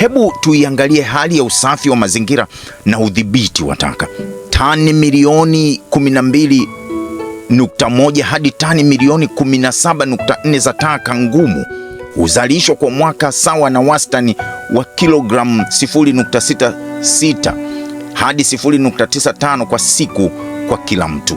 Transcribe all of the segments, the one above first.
Hebu tuiangalie hali ya usafi wa mazingira na udhibiti wa taka. Tani milioni 12.1 hadi tani milioni 17.4 za taka ngumu huzalishwa kwa mwaka, sawa na wastani wa kilogramu 0.66 hadi 0.95 kwa siku kwa kila mtu.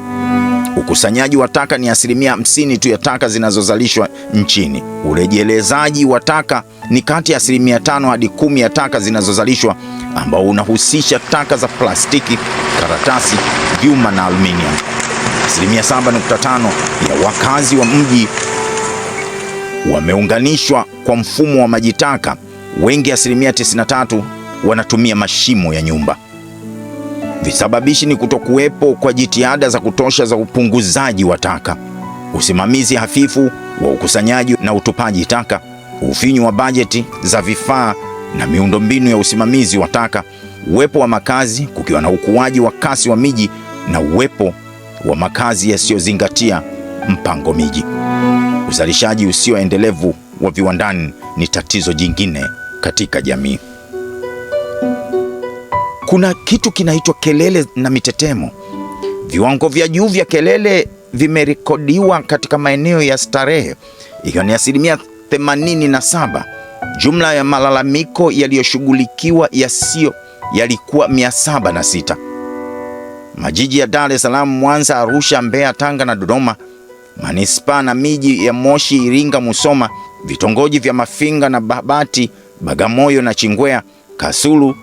Ukusanyaji wa taka ni asilimia 50 tu ya taka zinazozalishwa nchini. Urejelezaji wa taka ni kati ya asilimia tano hadi kumi ya taka zinazozalishwa ambao unahusisha taka za plastiki, karatasi, vyuma na aluminium. Asilimia 7.5 ya wakazi wa mji wameunganishwa kwa mfumo wa maji taka. Wengi, asilimia 93, wanatumia mashimo ya nyumba. Visababishi ni kutokuwepo kwa jitihada za kutosha za upunguzaji wa taka, usimamizi hafifu wa ukusanyaji na utupaji taka, ufinyu wa bajeti za vifaa na miundombinu ya usimamizi wa taka, uwepo wa makazi kukiwa na ukuaji wa kasi wa miji na uwepo wa makazi yasiyozingatia mpango miji. Uzalishaji usioendelevu wa viwandani ni tatizo jingine katika jamii kuna kitu kinaitwa kelele na mitetemo. Viwango vya juu vya kelele vimerekodiwa katika maeneo ya starehe ikiwa ni asilimia 87. Jumla ya malalamiko yaliyoshughulikiwa yasiyo yalikuwa 706. Majiji ya Dar es Salaam, Mwanza, Arusha, Mbeya, Tanga na Dodoma, manispaa na miji ya Moshi, Iringa, Musoma, vitongoji vya Mafinga na Babati, Bagamoyo na Chingwea, Kasulu,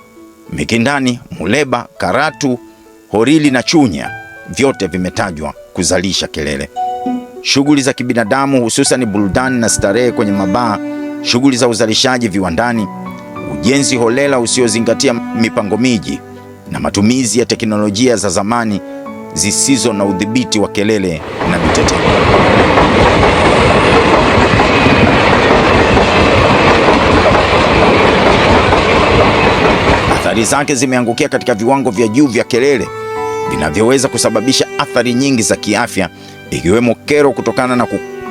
Mikindani, Muleba, Karatu, Horili na Chunya vyote vimetajwa kuzalisha kelele. Shughuli za kibinadamu hususan burudani na starehe kwenye mabaa, shughuli za uzalishaji viwandani, ujenzi holela usiozingatia mipango miji na matumizi ya teknolojia za zamani zisizo na udhibiti wa kelele na mitetemo. Athari zake zimeangukia katika viwango vya juu vya kelele vinavyoweza kusababisha athari nyingi za kiafya, ikiwemo kero kutokana na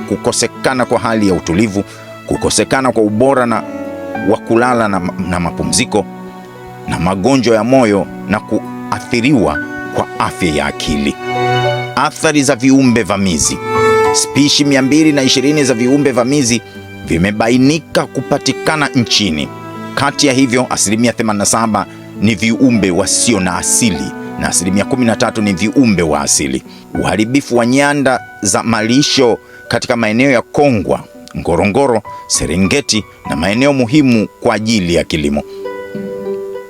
kukosekana kwa hali ya utulivu, kukosekana kwa ubora na wa kulala na, na mapumziko na magonjwa ya moyo na kuathiriwa kwa afya ya akili. Athari za viumbe vamizi. Spishi 220 za viumbe vamizi vimebainika kupatikana nchini. Kati ya hivyo asilimia 87 ni viumbe wasio na asili na asilimia 13 ni viumbe wa asili. Uharibifu wa nyanda za malisho katika maeneo ya Kongwa, Ngorongoro, Serengeti na maeneo muhimu kwa ajili ya kilimo.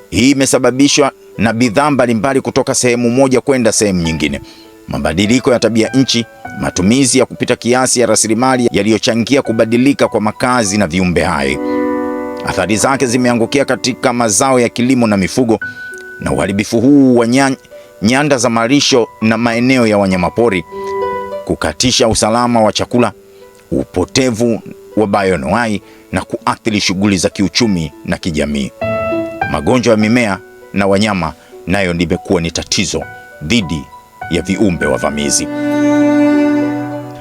Hii imesababishwa na bidhaa mbalimbali kutoka sehemu moja kwenda sehemu nyingine. Mabadiliko ya tabia nchi, matumizi ya kupita kiasi ya rasilimali yaliyochangia kubadilika kwa makazi na viumbe hai. Athari zake zimeangukia katika mazao ya kilimo na mifugo, na uharibifu huu wa nyanda za malisho na maeneo ya wanyamapori, kukatisha usalama wa chakula, upotevu wa bayonoai na kuathiri shughuli za kiuchumi na kijamii. Magonjwa ya mimea na wanyama nayo limekuwa ni tatizo dhidi ya viumbe wavamizi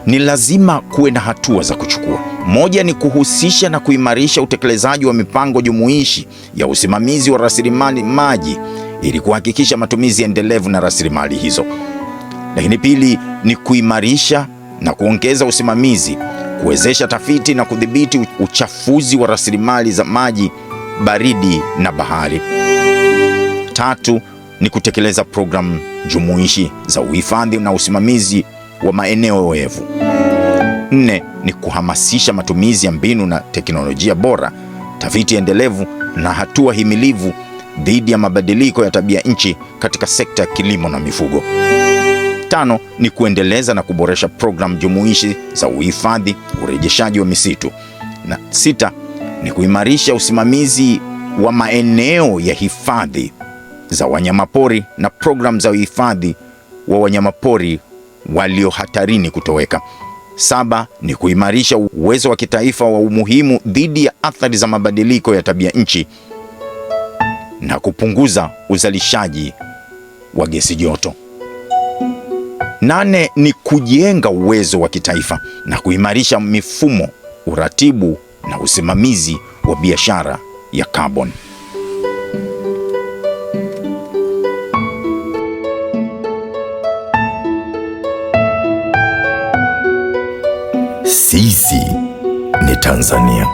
ni lazima kuwe na hatua za kuchukua. Moja ni kuhusisha na kuimarisha utekelezaji wa mipango jumuishi ya usimamizi wa rasilimali maji ili kuhakikisha matumizi endelevu na rasilimali hizo. Lakini pili ni kuimarisha na kuongeza usimamizi, kuwezesha tafiti na kudhibiti uchafuzi wa rasilimali za maji baridi na bahari. Tatu ni kutekeleza programu jumuishi za uhifadhi na usimamizi wa maeneo oevu. Nne ni kuhamasisha matumizi ya mbinu na teknolojia bora, tafiti endelevu na hatua himilivu dhidi ya mabadiliko ya tabia nchi katika sekta ya kilimo na mifugo. Tano ni kuendeleza na kuboresha programu jumuishi za uhifadhi, urejeshaji wa misitu. Na sita ni kuimarisha usimamizi wa maeneo ya hifadhi za wanyamapori na programu za uhifadhi wa wanyamapori walio hatarini kutoweka. Saba ni kuimarisha uwezo wa kitaifa wa umuhimu dhidi ya athari za mabadiliko ya tabia nchi na kupunguza uzalishaji wa gesi joto. Nane ni kujenga uwezo wa kitaifa na kuimarisha mifumo, uratibu na usimamizi wa biashara ya kaboni. Sisi ni Tanzania.